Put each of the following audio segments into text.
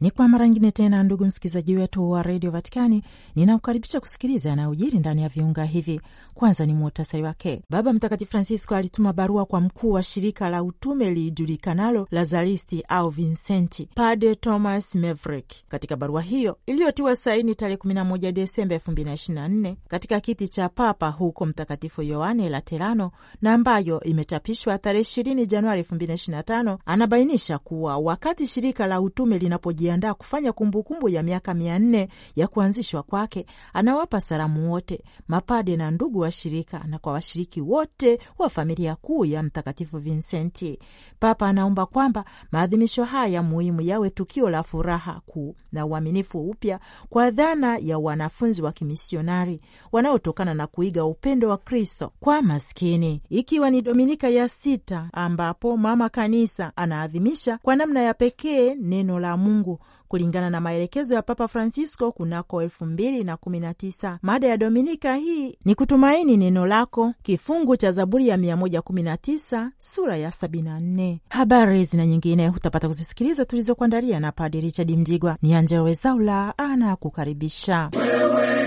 Ni kwa mara nyingine tena, ndugu msikilizaji wetu wa redio Vatikani, ninakukaribisha kusikiliza yanayojiri ndani ya viunga hivi. Kwanza ni muhtasari wake. Baba Mtakatifu Francisco alituma barua kwa mkuu wa shirika la utume lilijulikanalo Lazaristi au Vincenti, Padre Thomas Maverick. Katika barua hiyo iliyotiwa saini tarehe 11 Desemba 2024 katika kiti cha Papa huko Mtakatifu Yohane Laterano na ambayo imechapishwa tarehe 20 Januari 2025, anabainisha kuwa wakati shirika la utume linapoji kujiandaa kufanya kumbukumbu ya miaka mia nne ya kuanzishwa kwake, anawapa salamu wote mapade na ndugu wa shirika na kwa washiriki wote wa familia kuu ya Mtakatifu Vincenti. Papa anaomba kwamba maadhimisho haya muhimu yawe tukio la furaha kuu na uaminifu upya kwa dhana ya wanafunzi wa kimisionari wanaotokana na kuiga upendo wa Kristo kwa maskini, ikiwa ni Dominika ya sita ambapo Mama Kanisa anaadhimisha kwa namna ya pekee neno la Mungu kulingana na maelekezo ya Papa Francisco kunako elfu mbili na kumi na tisa. Mada ya dominika hii ni kutumaini neno lako, kifungu cha Zaburi ya 119 sura ya 74. Habari zina nyingine hutapata kuzisikiliza tulizokuandalia na Padre Richard Mjigwa. Ni Angella Rwezaula ana kukaribisha wewe.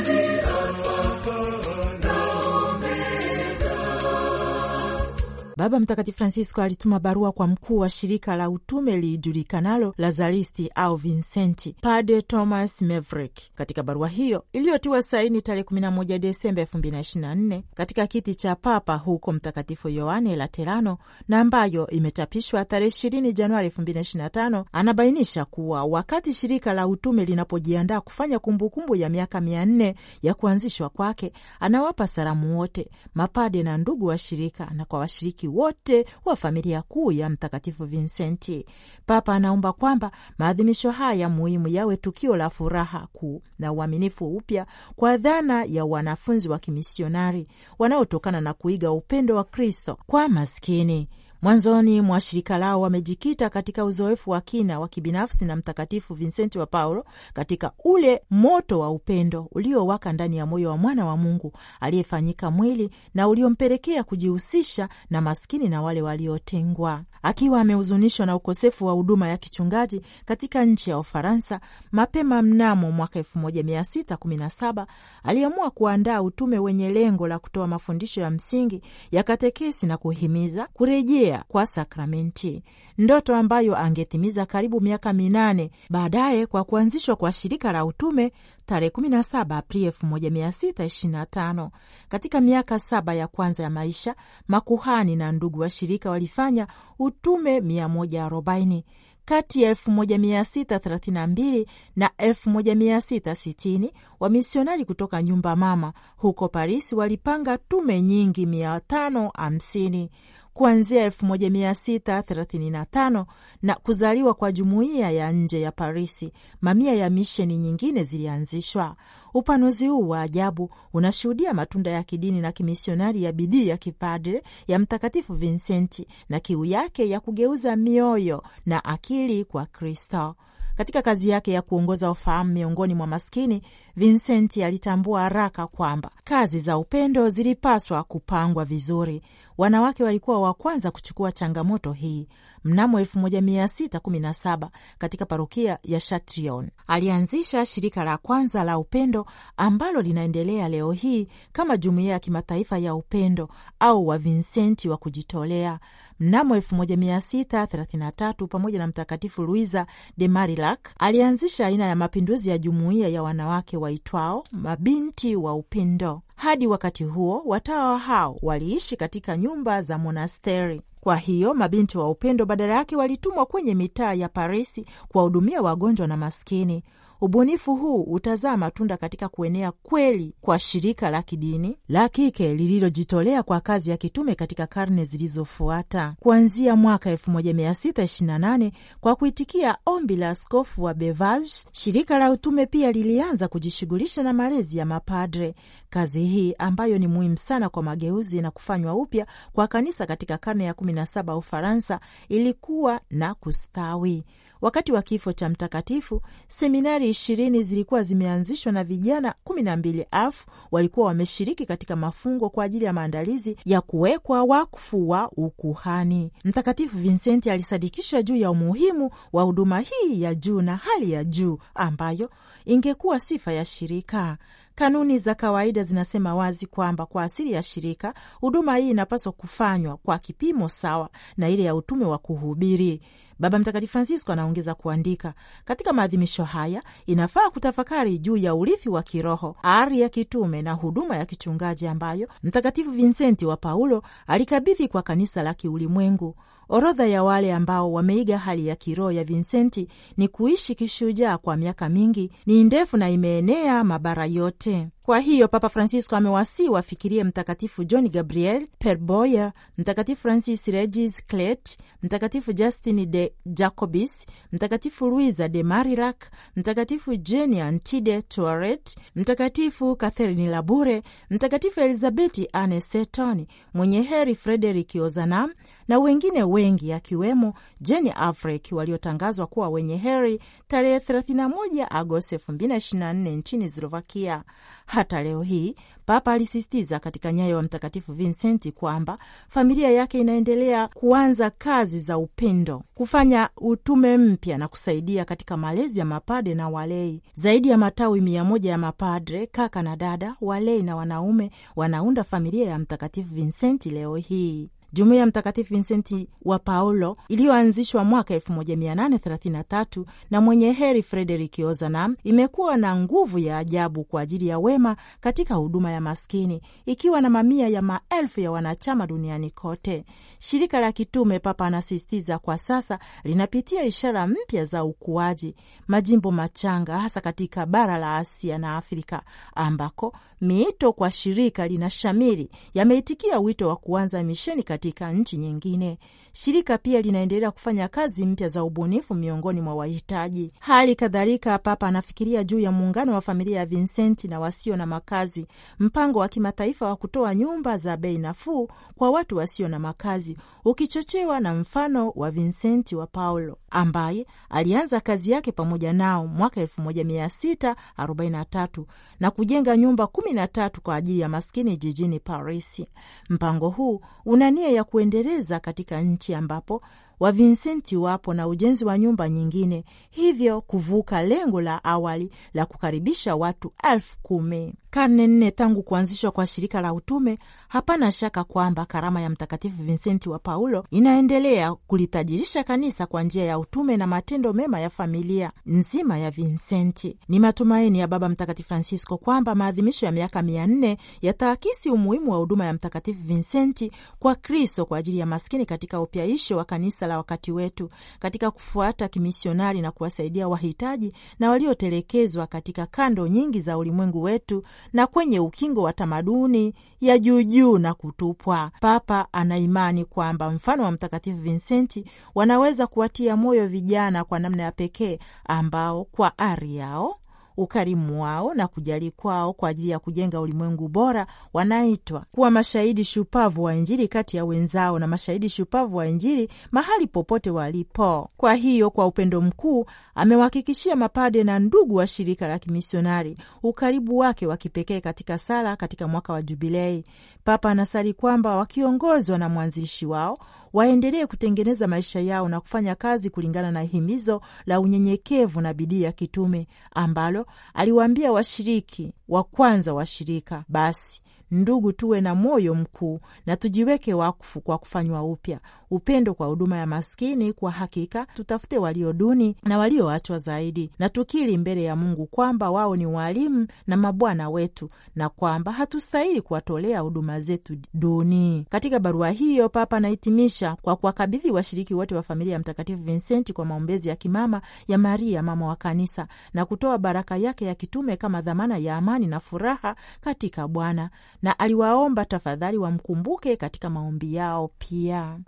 Baba Mtakatifu Francisco alituma barua kwa mkuu wa shirika la utume lijulikanalo Lazaristi au Vincenti, Padre Thomas mevrik Katika barua hiyo iliyotiwa saini tarehe 11 Desemba 2024 katika kiti cha Papa huko Mtakatifu Yohane Laterano na ambayo imechapishwa tarehe 20 Januari 2025, anabainisha kuwa wakati shirika la utume linapojiandaa kufanya kumbukumbu ya miaka 400 ya kuanzishwa kwake, anawapa salamu wote mapade na ndugu wa shirika na kwa washiriki washiriki wote wa familia kuu ya Mtakatifu Vincenti. Papa anaomba kwamba maadhimisho haya muhimu yawe tukio la furaha kuu na uaminifu upya kwa dhana ya wanafunzi wa kimisionari wanaotokana na kuiga upendo wa Kristo kwa maskini. Mwanzoni mwa shirika lao wamejikita katika uzoefu wa kina wa kibinafsi na Mtakatifu Vincenti wa Paulo katika ule moto wa upendo uliowaka ndani ya moyo wa mwana wa Mungu aliyefanyika mwili na uliompelekea kujihusisha na maskini na wale waliotengwa. Akiwa amehuzunishwa na ukosefu wa huduma ya kichungaji katika nchi ya Ufaransa, mapema mnamo mwaka 1617 aliamua kuandaa utume wenye lengo la kutoa mafundisho ya msingi ya katekesi na kuhimiza kurejea kutokea kwa sakramenti, ndoto ambayo angetimiza karibu miaka minane baadaye kwa kuanzishwa kwa shirika la utume tarehe 17 Aprili 1625. Katika miaka saba ya kwanza ya maisha, makuhani na ndugu wa shirika walifanya utume 140 kati ya 1632 na 1660 wamisionari kutoka nyumba mama huko Paris walipanga tume nyingi 550 kuanzia 1635 na kuzaliwa kwa jumuiya ya nje ya Parisi, mamia ya misheni nyingine zilianzishwa. Upanuzi huu wa ajabu unashuhudia matunda ya kidini na kimisionari ya bidii ya kipadre ya Mtakatifu Vincenti na kiu yake ya kugeuza mioyo na akili kwa Kristo. Katika kazi yake ya kuongoza ufahamu miongoni mwa maskini, Vincenti alitambua haraka kwamba kazi za upendo zilipaswa kupangwa vizuri. Wanawake walikuwa wa kwanza kuchukua changamoto hii. Mnamo 1617 katika parokia ya Châtillon alianzisha shirika la kwanza la upendo ambalo linaendelea leo hii kama Jumuiya ya Kimataifa ya Upendo au Wavinsenti wa Kujitolea. Mnamo 1633 pamoja na Mtakatifu Luisa de Marillac alianzisha aina ya mapinduzi ya jumuiya ya wanawake waitwao mabinti wa upendo. Hadi wakati huo watawa hao waliishi katika nyumba za monasteri. Kwa hiyo mabinti wa upendo badala yake walitumwa kwenye mitaa ya Parisi kuwahudumia wagonjwa na maskini. Ubunifu huu utazaa matunda katika kuenea kweli kwa shirika la kidini la kike lililojitolea kwa kazi ya kitume katika karne zilizofuata, kuanzia mwaka 1628 kwa kuitikia ombi la askofu wa Bevage, shirika la utume pia lilianza kujishughulisha na malezi ya mapadre, kazi hii ambayo ni muhimu sana kwa mageuzi na kufanywa upya kwa kanisa katika karne ya 17 Ufaransa ilikuwa na kustawi. Wakati wa kifo cha mtakatifu, seminari ishirini zilikuwa zimeanzishwa na vijana kumi na mbili elfu walikuwa wameshiriki katika mafungo kwa ajili ya maandalizi ya kuwekwa wakfu wa ukuhani. Mtakatifu Vincenti alisadikishwa juu ya umuhimu wa huduma hii ya juu na hali ya juu ambayo ingekuwa sifa ya shirika. Kanuni za kawaida zinasema wazi kwamba kwa asili ya shirika, huduma hii inapaswa kufanywa kwa kipimo sawa na ile ya utume wa kuhubiri. Baba Mtakatifu Francisco anaongeza kuandika, katika maadhimisho haya inafaa kutafakari juu ya urithi wa kiroho, ari ya kitume na huduma ya kichungaji ambayo Mtakatifu Vincenti wa Paulo alikabidhi kwa kanisa la kiulimwengu. Orodha ya wale ambao wameiga hali ya kiroho ya Vincenti ni kuishi kishujaa kwa miaka mingi, ni ndefu na imeenea mabara yote. Kwa hiyo Papa Francisco amewasii wafikirie Mtakatifu John Gabriel Perboyer, Mtakatifu Francis Regis Clet, Mtakatifu Justin de Jacobis, Mtakatifu Luisa de Marilac, Mtakatifu Jeni Antide Toaret, Mtakatifu Catherine Labure, Mtakatifu Elizabeti Ane seton mwenye heri Frederick Ozanam na wengine wengi akiwemo Jeni Afrek waliotangazwa kuwa wenye heri tarehe 31 Agosti 2024 nchini Slovakia. Hata leo hii Papa alisisitiza katika nyayo wa Mtakatifu Vincenti kwamba familia yake inaendelea kuanza kazi za upendo, kufanya utume mpya na kusaidia katika malezi ya mapadre na walei. Zaidi ya matawi mia moja ya mapadre, kaka na dada, walei na wanaume wanaunda familia ya Mtakatifu Vincenti leo hii. Jumuiya ya Mtakatifu Vincenti wa Paulo iliyoanzishwa mwaka 1833 na mwenye heri Frederik Ozanam imekuwa na nguvu ya ajabu kwa ajili ya wema katika huduma ya maskini, ikiwa na mamia ya maelfu ya wanachama duniani kote. Shirika la kitume, Papa anasisitiza, kwa sasa linapitia ishara mpya za ukuaji, majimbo machanga, hasa katika bara la Asia na Afrika ambako miito kwa shirika lina shamiri yameitikia wito wa kuanza misheni katika nchi nyingine. Shirika pia linaendelea kufanya kazi mpya za ubunifu miongoni mwa wahitaji. Hali kadhalika, Papa anafikiria juu ya muungano wa familia ya Vincenti na wasio na makazi, mpango wa kimataifa wa kutoa nyumba za bei nafuu kwa watu wasio na makazi, ukichochewa na mfano wa Vincenti wa Paulo ambaye alianza kazi yake pamoja nao mwaka 1643 na kujenga nyumba kumi kumi na tatu kwa ajili ya maskini jijini Paris. Mpango huu una nia ya kuendeleza katika nchi ambapo wavinsenti wapo na ujenzi wa nyumba nyingine, hivyo kuvuka lengo la awali la kukaribisha watu elfu kumi karne nne tangu kuanzishwa kwa shirika la utume, hapana shaka kwamba karama ya Mtakatifu Vincenti wa Paulo inaendelea kulitajirisha kanisa kwa njia ya utume na matendo mema ya familia nzima ya Vincenti. Ni matumaini ya Baba Mtakatifu Francisco kwamba maadhimisho ya miaka mia nne yataakisi umuhimu wa huduma ya Mtakatifu Vincenti kwa Kristo kwa ajili ya maskini katika upyaisho wa kanisa la wakati wetu, katika kufuata kimisionari na kuwasaidia wahitaji na waliotelekezwa katika kando nyingi za ulimwengu wetu na kwenye ukingo wa tamaduni ya juujuu na kutupwa. Papa anaimani kwamba mfano wa Mtakatifu Vincenti wanaweza kuwatia moyo vijana kwa namna ya pekee ambao kwa ari yao ukarimu wao na kujali kwao kwa ajili ya kujenga ulimwengu bora, wanaitwa kuwa mashahidi shupavu wa Injili kati ya wenzao na mashahidi shupavu wa Injili mahali popote walipo. Kwa hiyo, kwa upendo mkuu amewahakikishia mapade na ndugu wa shirika la kimisionari ukaribu wake wa kipekee katika sala katika mwaka wa Jubilei. Papa anasali kwamba wakiongozwa na mwanzilishi wao waendelee kutengeneza maisha yao na kufanya kazi kulingana na himizo la unyenyekevu na bidii ya kitume ambalo aliwaambia washiriki wa kwanza wa shirika. Basi Ndugu, tuwe na moyo mkuu na tujiweke wakfu kwa kufanywa upya, upendo kwa huduma ya maskini. Kwa hakika tutafute walio duni na walioachwa zaidi, na tukiri mbele ya Mungu kwamba wao ni waalimu na mabwana wetu na kwamba hatustahili kuwatolea huduma zetu duni. Katika barua hiyo, Papa anahitimisha kwa kuwakabidhi washiriki wote wa familia ya Mtakatifu Vincenti kwa maombezi ya kimama ya Maria mama wa Kanisa na kutoa baraka yake ya kitume kama dhamana ya amani na furaha katika Bwana na aliwaomba tafadhali wamkumbuke katika maombi yao pia.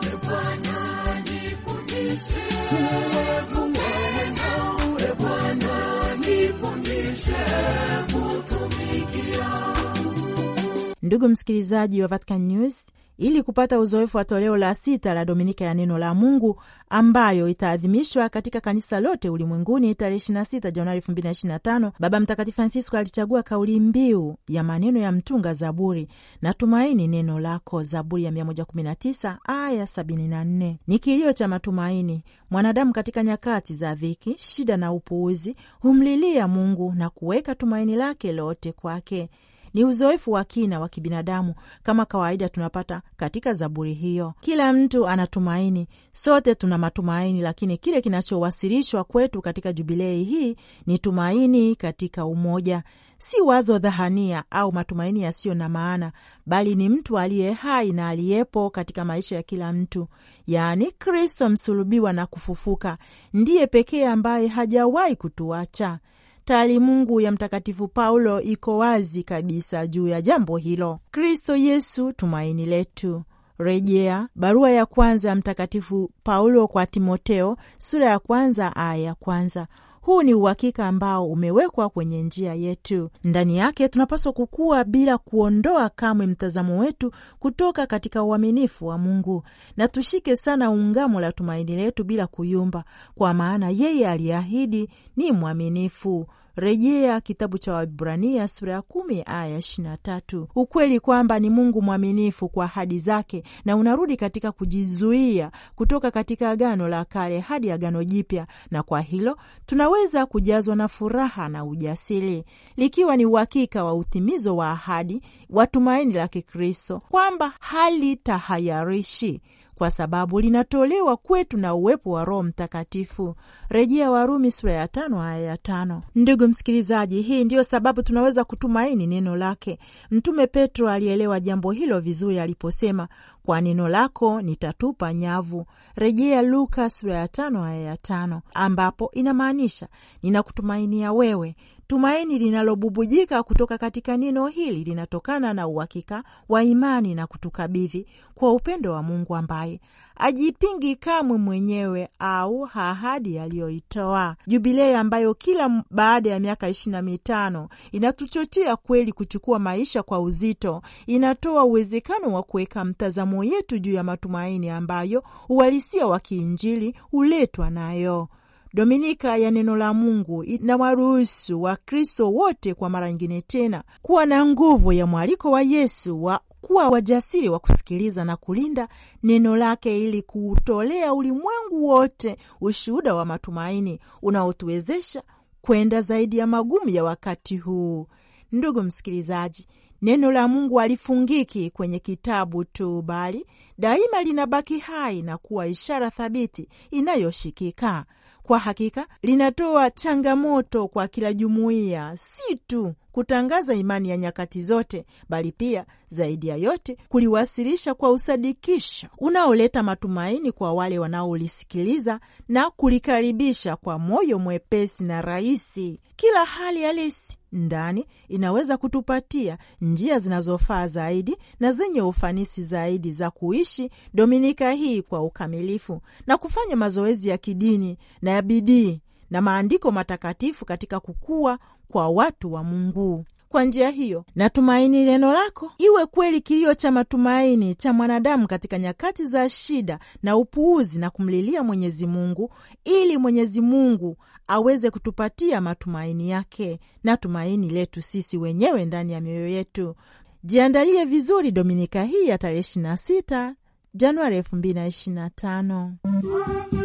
Ndugu msikilizaji wa Vatican News, ili kupata uzoefu wa toleo la sita la Dominika ya Neno la Mungu ambayo itaadhimishwa katika kanisa lote ulimwenguni tarehe 26 Januari 2025, Baba Mtakatifu Francisco alichagua kauli mbiu ya maneno ya mtunga zaburi na tumaini neno lako, Zaburi ya 119 aya 74. Ni kilio cha matumaini. Mwanadamu katika nyakati za dhiki, shida na upuuzi humlilia Mungu na kuweka tumaini lake lote kwake. Ni uzoefu wa kina wa kibinadamu kama kawaida tunapata katika Zaburi hiyo. Kila mtu anatumaini, sote tuna matumaini, lakini kile kinachowasilishwa kwetu katika jubilei hii ni tumaini katika umoja, si wazo dhahania au matumaini yasiyo na maana, bali ni mtu aliye hai na aliyepo katika maisha ya kila mtu, yaani Kristo msulubiwa na kufufuka, ndiye pekee ambaye hajawahi kutuacha taalimungu ya Mtakatifu Paulo iko wazi kabisa juu ya jambo hilo. Kristo Yesu tumaini letu. Rejea barua ya kwanza ya Mtakatifu Paulo kwa Timoteo sura ya kwanza aya ya kwanza. Huu ni uhakika ambao umewekwa kwenye njia yetu. Ndani yake tunapaswa kukua bila kuondoa kamwe mtazamo wetu kutoka katika uaminifu wa Mungu, na tushike sana ungamo la tumaini letu bila kuyumba, kwa maana yeye aliahidi ni mwaminifu. Rejea kitabu cha Waibrania sura ya kumi aya ishirini na tatu. Ukweli kwamba ni Mungu mwaminifu kwa ahadi zake na unarudi katika kujizuia kutoka katika Agano la Kale hadi Agano Jipya, na kwa hilo tunaweza kujazwa na furaha na ujasiri, likiwa ni uhakika wa utimizo wa ahadi wa tumaini la Kikristo kwamba halitahayarishi kwa sababu linatolewa kwetu na uwepo wa Roho Mtakatifu. Rejea Warumi sura ya tano aya ya tano. Ndugu msikilizaji, hii ndiyo sababu tunaweza kutumaini neno lake. Mtume Petro alielewa jambo hilo vizuri aliposema, kwa neno lako nitatupa nyavu, rejea Luka sura ya tano aya ya tano, ambapo inamaanisha ninakutumainia wewe Tumaini linalobubujika kutoka katika neno hili linatokana na uhakika wa imani na kutukabidhi kwa upendo wa Mungu ambaye ajipingi kamwe mwenyewe au ahadi aliyoitoa. Jubilei ambayo kila baada ya miaka ishirini na mitano inatuchochea kweli kuchukua maisha kwa uzito, inatoa uwezekano wa kuweka mtazamo yetu juu ya matumaini ambayo uhalisia wa kiinjili huletwa nayo. Dominika ya Neno la Mungu inawaruhusu Wakristo wote kwa mara nyingine tena kuwa na nguvu ya mwaliko wa Yesu wa kuwa wajasiri wa kusikiliza na kulinda neno lake ili kuutolea ulimwengu wote ushuhuda wa matumaini unaotuwezesha kwenda zaidi ya magumu ya wakati huu. Ndugu msikilizaji, neno la Mungu halifungiki kwenye kitabu tu, bali daima linabaki hai na kuwa ishara thabiti inayoshikika kwa hakika linatoa changamoto kwa kila jumuiya, si tu kutangaza imani ya nyakati zote, bali pia zaidi ya yote kuliwasilisha kwa usadikisho unaoleta matumaini kwa wale wanaolisikiliza na kulikaribisha kwa moyo mwepesi na rahisi. Kila hali halisi ndani inaweza kutupatia njia zinazofaa zaidi na zenye ufanisi zaidi za kuishi Dominika hii kwa ukamilifu na kufanya mazoezi ya kidini na ya bidii na maandiko matakatifu katika kukua kwa watu wa Mungu. Kwa njia hiyo natumaini neno lako iwe kweli kilio cha matumaini cha mwanadamu katika nyakati za shida na upuuzi, na kumlilia Mwenyezi Mungu ili Mwenyezi Mungu aweze kutupatia matumaini yake na tumaini letu sisi wenyewe ndani ya mioyo yetu. Jiandalie vizuri Dominika hii ya tarehe 26 Januari 2025.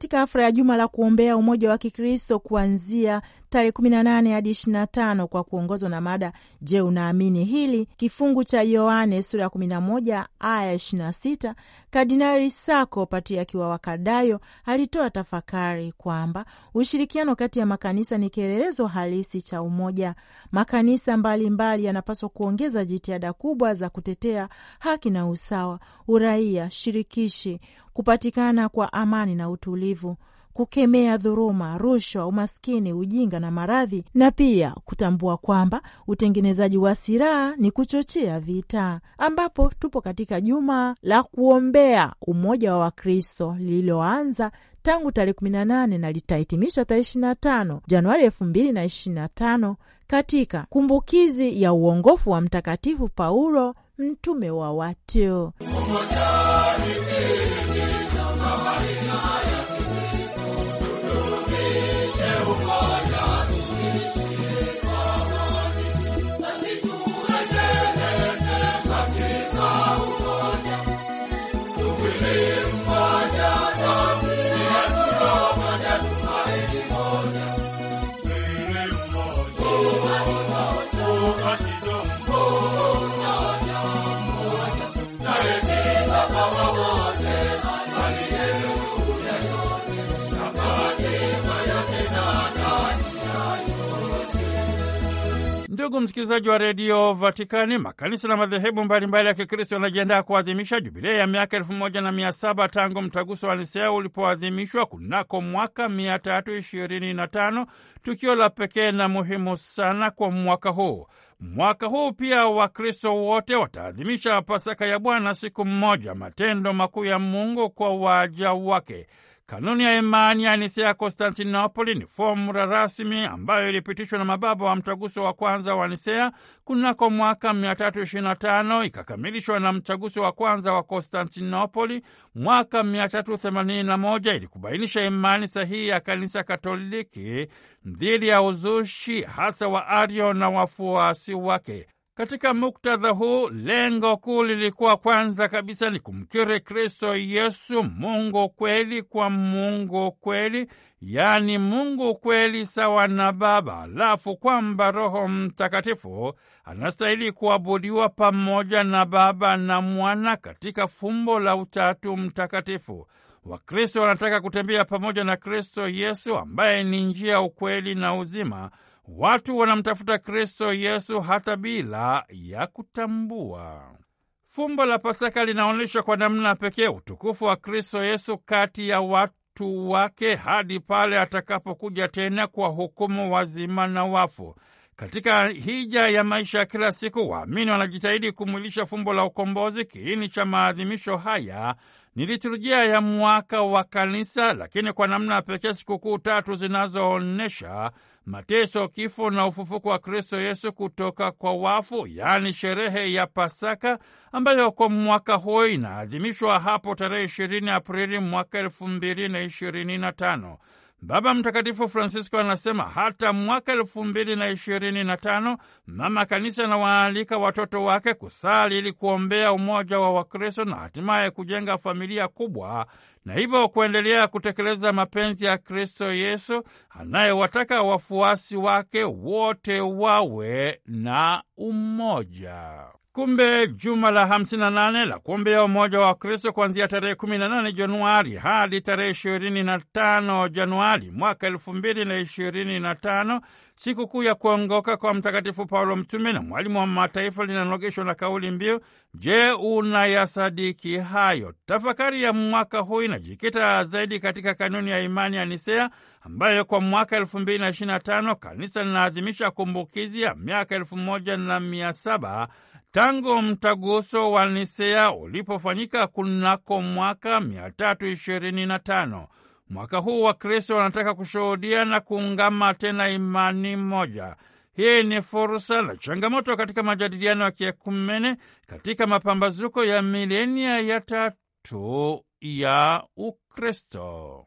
katika hafla ya juma la kuombea umoja wa Kikristo kuanzia tarehe 18 hadi 25 kwa kuongozwa na mada Je, unaamini hili? Kifungu cha Yohane sura ya 11 aya 26. Kardinali Sako akiwa Wakadayo alitoa tafakari kwamba ushirikiano kati ya makanisa ni kielelezo halisi cha umoja. Makanisa mbalimbali yanapaswa kuongeza jitihada kubwa za kutetea haki na usawa, uraia shirikishi, kupatikana kwa amani na utulivu kukemea dhuruma rushwa, umaskini, ujinga na maradhi, na pia kutambua kwamba utengenezaji wa silaha ni kuchochea vita, ambapo tupo katika juma la kuombea umoja wa Wakristo lililoanza tangu tarehe 18 na litahitimishwa tarehe 25 Januari 2025 katika kumbukizi ya uongofu wa Mtakatifu Paulo mtume wa watu. Ndugu msikilizaji wa redio Vatikani, makanisa na madhehebu mbalimbali ya Kikristo yanajiandaa kuadhimisha jubilei ya miaka elfu moja na mia saba tangu mtaguso wa Nisea ulipoadhimishwa kunako mwaka mia tatu ishirini na tano, tukio la pekee na muhimu sana kwa mwaka huu. Mwaka huu pia Wakristo wote wataadhimisha Pasaka ya Bwana siku mmoja, matendo makuu ya Mungu kwa waja wake. Kanuni ya imani ya Nisea ya Konstantinopoli ni fomula rasmi ambayo ilipitishwa na mababa wa mtaguso wa kwanza wa Nisea kunako mwaka 325 ikakamilishwa na mtaguso wa kwanza wa Konstantinopoli mwaka 381 ili kubainisha imani sahihi ya Kanisa Katoliki dhidi ya uzushi hasa wa Ario na wafuasi wake. Katika muktadha huu, lengo kuu lilikuwa kwanza kabisa ni kumkiri Kristo Yesu, Mungu kweli kwa Mungu kweli, yaani Mungu kweli sawa na Baba, alafu kwamba Roho Mtakatifu anastahili kuabudiwa pamoja na Baba na Mwana katika fumbo la Utatu Mtakatifu. Wakristo wanataka kutembea pamoja na Kristo Yesu ambaye ni njia, ukweli na uzima Watu wanamtafuta Kristo Yesu hata bila ya kutambua. Fumbo la Pasaka linaonyesha kwa namna pekee utukufu wa Kristo Yesu kati ya watu wake hadi pale atakapokuja tena kwa hukumu wazima na wafu. Katika hija ya maisha ya kila siku, waamini wanajitahidi kumwilisha fumbo la ukombozi. Kiini cha maadhimisho haya ni liturujia ya mwaka wa Kanisa, lakini kwa namna pekee sikukuu tatu zinazoonyesha mateso, kifo na ufufuko wa Kristo Yesu kutoka kwa wafu, yaani sherehe ya Pasaka ambayo kwa mwaka huu inaadhimishwa hapo tarehe ishirini Aprili mwaka tano. Baba Mtakatifu Francisco anasema hata mwaka elfu mbili na ishirini na tano mama kanisa anawaalika watoto wake kusali ili kuombea umoja wa Wakristo na hatimaye kujenga familia kubwa na hivyo kuendelea kutekeleza mapenzi ya Kristo Yesu anayewataka wafuasi wake wote wawe na umoja kumbe juma la 58 la kumbe ya umoja wa Kristo kuanzia tarehe 18 Januari hadi tarehe 25 Januari mwaka 2025, sikukuu ya kuongoka kwa Mtakatifu Paulo mtume na mwalimu wa mataifa, linanogeshwa na kauli mbiu, je, unayasadiki hayo? Tafakari ya mwaka huu inajikita zaidi katika kanuni ya imani ya Nisea ambayo kwa mwaka 225 kanisa linaadhimisha kumbukizi ya miaka 17 tangu mtaguso wa Nisea ulipofanyika kunako mwaka 325. Mwaka huu Wakristo wanataka kushuhudia na kuungama tena imani moja. Hii ni fursa na changamoto katika majadiliano ya kiekumene katika mapambazuko ya milenia ya tatu ya Ukristo.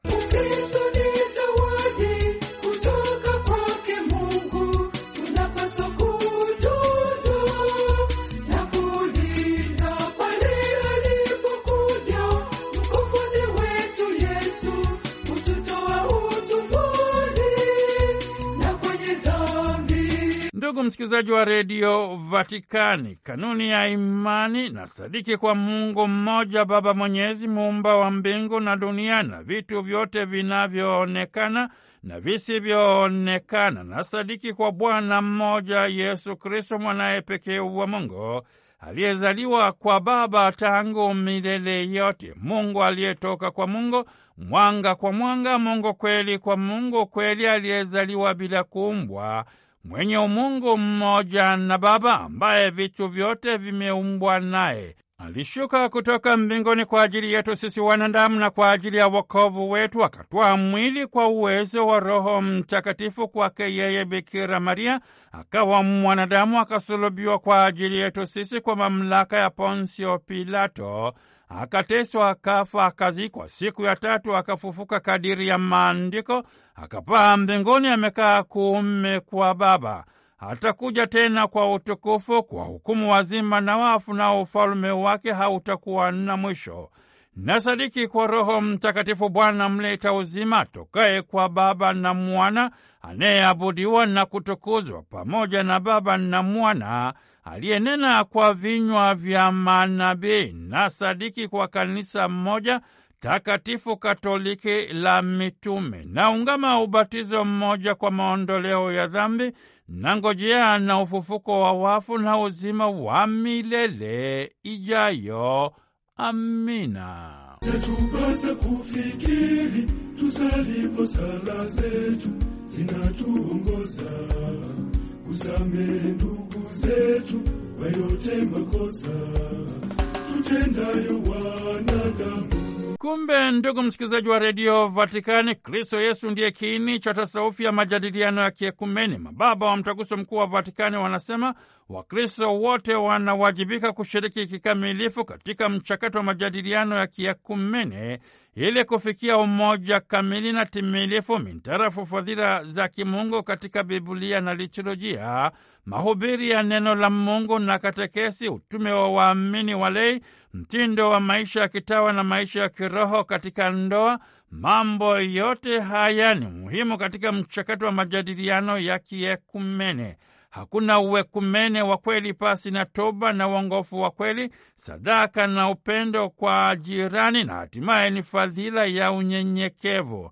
msikilizaji wa redio Vatikani, kanuni ya imani na sadiki kwa Mungu mmoja, Baba Mwenyezi, muumba wa mbingu na dunia na vitu vyote vinavyoonekana na visivyoonekana, na sadiki kwa Bwana mmoja Yesu Kristo, mwanaye pekee wa Mungu aliyezaliwa kwa Baba tangu milele yote, Mungu aliyetoka kwa Mungu, mwanga kwa mwanga, Mungu kweli kwa Mungu kweli, aliyezaliwa bila kuumbwa mwenye umungu mmoja na Baba, ambaye vitu vyote vimeumbwa naye. Alishuka kutoka mbinguni kwa ajili yetu sisi wanadamu na kwa ajili ya wokovu wetu, akatwaa mwili kwa uwezo wa Roho Mtakatifu kwake yeye Bikira Maria, akawa mwanadamu, akasulubiwa kwa ajili yetu sisi kwa mamlaka ya Ponsio Pilato akateswa, akafa, akazikwa, siku ya tatu akafufuka kadiri ya Maandiko, akapaa mbinguni, amekaa kuume kwa Baba. Atakuja tena kwa utukufu kwa hukumu wazima na wafu, na ufalume wake hautakuwa na mwisho. Na sadiki kwa Roho Mtakatifu, Bwana mleta uzima, tokaye kwa Baba na Mwana, anayeabudiwa na kutukuzwa pamoja na Baba na Mwana aliyenena kwa vinywa vya manabii na sadiki kwa kanisa mmoja takatifu Katoliki la mitume, na ungama ubatizo mmoja kwa maondoleo ya dhambi, na ngojea na ufufuko wa wafu na uzima wa milele ijayo. Amina. kufikiri tusalipo, sala zetu zinatuongoza tusamehe ndugu zetu kwa yote makosa tutendayo wanadamu. Kumbe ndugu msikilizaji wa redio Vatikani, Kristo Yesu ndiye kiini cha tasaufi ya majadiliano ya kiekumeni. Mababa wa mtaguso mkuu wa Vatikani wanasema Wakristo wote wanawajibika kushiriki kikamilifu katika mchakato wa majadiliano ya kiekumene ili kufikia umoja kamili na timilifu mintarafu fadhila za kimungu katika Biblia na liturujia, mahubiri ya neno la Mungu na katekesi, utume wa waamini walei, mtindo wa maisha ya kitawa na maisha ya kiroho katika ndoa. Mambo yote haya ni muhimu katika mchakato wa majadiliano ya kiekumene. Hakuna uwekumene wa kweli pasi na toba na uongofu wa kweli, sadaka na upendo kwa jirani, na hatimaye ni fadhila ya unyenyekevu.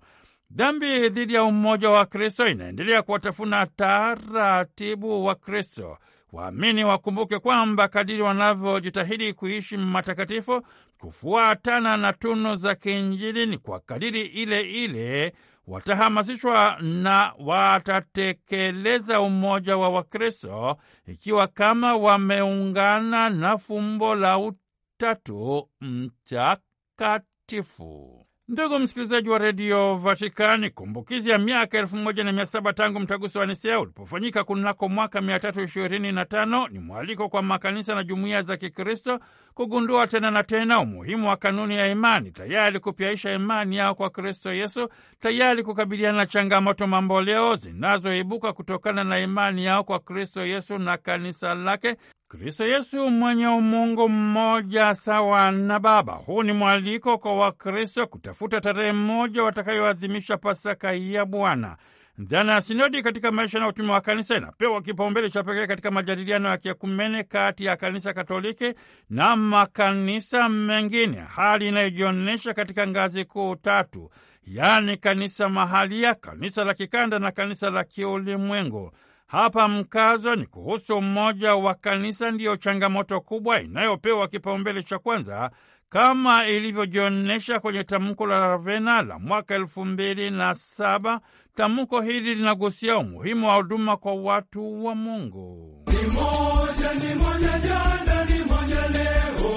Dhambi dhidi ya umoja wa Kristo inaendelea kuwatafuna taratibu wa Kristo. Waamini wakumbuke kwamba kadiri wanavyojitahidi kuishi matakatifu, kufuatana na tunu za kiinjili, ni kwa kadiri ile ile watahamasishwa na watatekeleza umoja wa Wakristo ikiwa kama wameungana na fumbo la Utatu Mtakatifu. Ndugu msikilizaji wa redio Vatikani, kumbukizi ya miaka elfu moja na mia saba tangu mtaguso wa Nisea ulipofanyika kunako mwaka mia tatu ishirini na tano ni mwaliko kwa makanisa na jumuiya za Kikristo kugundua tena na tena umuhimu wa kanuni ya imani, tayari kupyaisha imani yao kwa Kristo Yesu, tayari kukabiliana na changamoto mamboleo zinazoibuka kutokana na imani yao kwa Kristo Yesu na kanisa lake, Kristo Yesu mwenye umungu mmoja sawa na Baba. Huu ni mwaliko kwa Wakristo kutafuta tarehe mmoja watakayoadhimisha Pasaka ya Bwana. Dhana ya sinodi katika maisha na utume wa kanisa inapewa kipaumbele cha pekee katika majadiliano ya kiekumene kati ya kanisa Katoliki na makanisa mengine, hali inayojionyesha katika ngazi kuu tatu, yaani kanisa mahalia, kanisa la kikanda na kanisa la kiulimwengu. Hapa mkazo ni kuhusu umoja wa kanisa, ndiyo changamoto kubwa inayopewa kipaumbele cha kwanza kama ilivyojionyesha kwenye tamko la Ravena la mwaka elfu mbili na saba. Tamko hili linagusia umuhimu wa huduma kwa watu wa Mungu. Ni moja, ni moja jana, ni moja leo,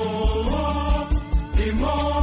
ni moja.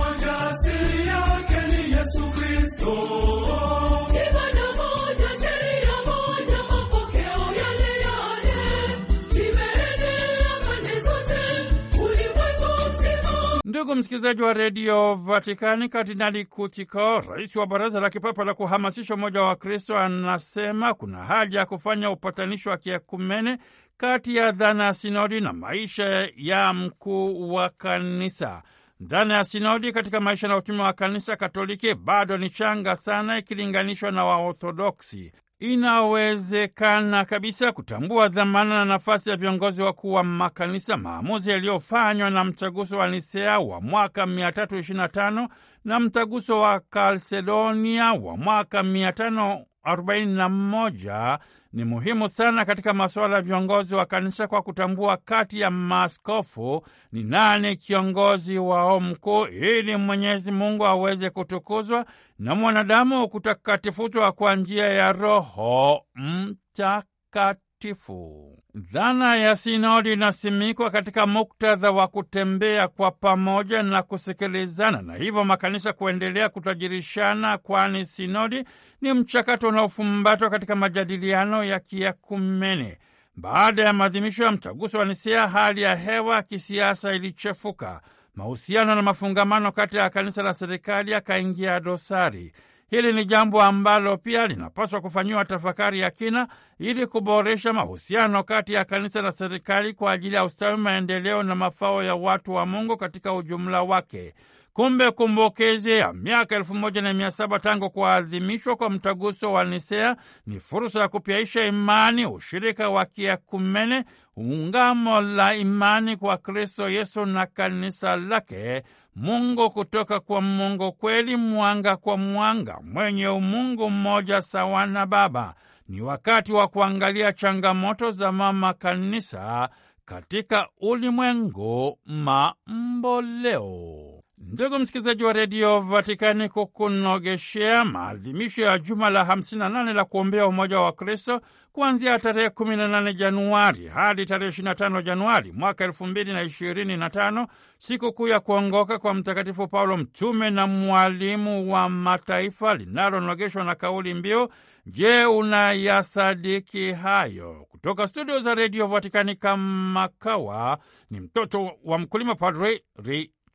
Ndugu msikilizaji wa redio Vatikani, Kardinali Kutiko, rais wa baraza la kipapa la kuhamasisha umoja wa Kristo, anasema kuna haja ya kufanya upatanisho wa kiekumene kati ya dhana ya sinodi na maisha ya mkuu wa kanisa. Dhana ya sinodi katika maisha na utume wa kanisa Katoliki bado ni changa sana ikilinganishwa na Waorthodoksi inawezekana kabisa kutambua dhamana na nafasi ya viongozi wakuu wa makanisa, maamuzi yaliyofanywa na mtaguso wa Nisea wa mwaka 325 na mtaguso wa Kalsedonia wa mwaka 541 ni muhimu sana katika masuala ya viongozi wa kanisa kwa kutambua kati ya maaskofu ni nani kiongozi wao mkuu, ili Mwenyezi Mungu aweze kutukuzwa na mwanadamu kutakatifuzwa kwa njia ya Roho Mtakatifu. Mtakatifu. Dhana ya sinodi inasimikwa katika muktadha wa kutembea kwa pamoja na kusikilizana, na hivyo makanisa kuendelea kutajirishana, kwani sinodi ni mchakato unaofumbatwa katika majadiliano ya kiakumene. Baada ya maadhimisho ya mtaguso wa Nisea, hali ya hewa kisiasa ilichefuka. Mahusiano na mafungamano kati ya kanisa la serikali yakaingia dosari. Hili ni jambo ambalo pia linapaswa kufanyiwa tafakari ya kina ili kuboresha mahusiano kati ya kanisa na serikali kwa ajili ya ustawi, maendeleo na mafao ya watu wa Mungu katika ujumla wake. Kumbe kumbukizi ya miaka elfu moja na mia saba tangu kuadhimishwa kwa mtaguso wa Nisea ni fursa ya kupyaisha imani, ushirika wa kiakumene, ungamo la imani kwa Kristo Yesu na kanisa lake Mungu kutoka kwa Mungu kweli, mwanga kwa mwanga, mwenye umungu mmoja sawa na Baba. Ni wakati wa kuangalia changamoto za mama kanisa katika ulimwengu mamboleo. Ndugu msikilizaji wa redio Vatikani, kukunogeshea maadhimisho ya juma la 58 la kuombea umoja wa Kristo kuanzia tarehe 18 Januari hadi tarehe 25 Januari mwaka 2025, sikukuu ya kuongoka kwa Mtakatifu Paulo mtume na mwalimu wa mataifa, linalonogeshwa na kauli mbiu Je, unayasadiki hayo? Kutoka studio za redio Vatikani, kama kawa ni mtoto wa mkulima, Padre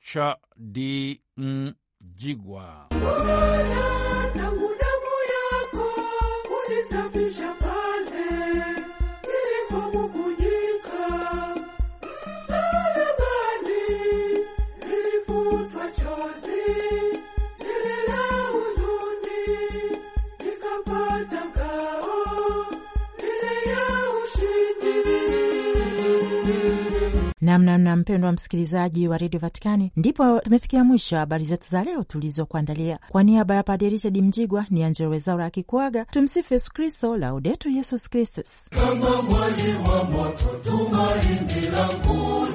cha di Mjigwa. namnamna mpendwa msikilizaji wa redio Vatikani, ndipo tumefikia mwisho habari zetu za leo tulizokuandalia. Kwa niaba ya Padre Richard Mjigwa ni Angelo Wezaura akikuaga. Tumsifu Yesu Kristo, Laudetu Yesus Kristus. Kama mwali wa moto tumaini langu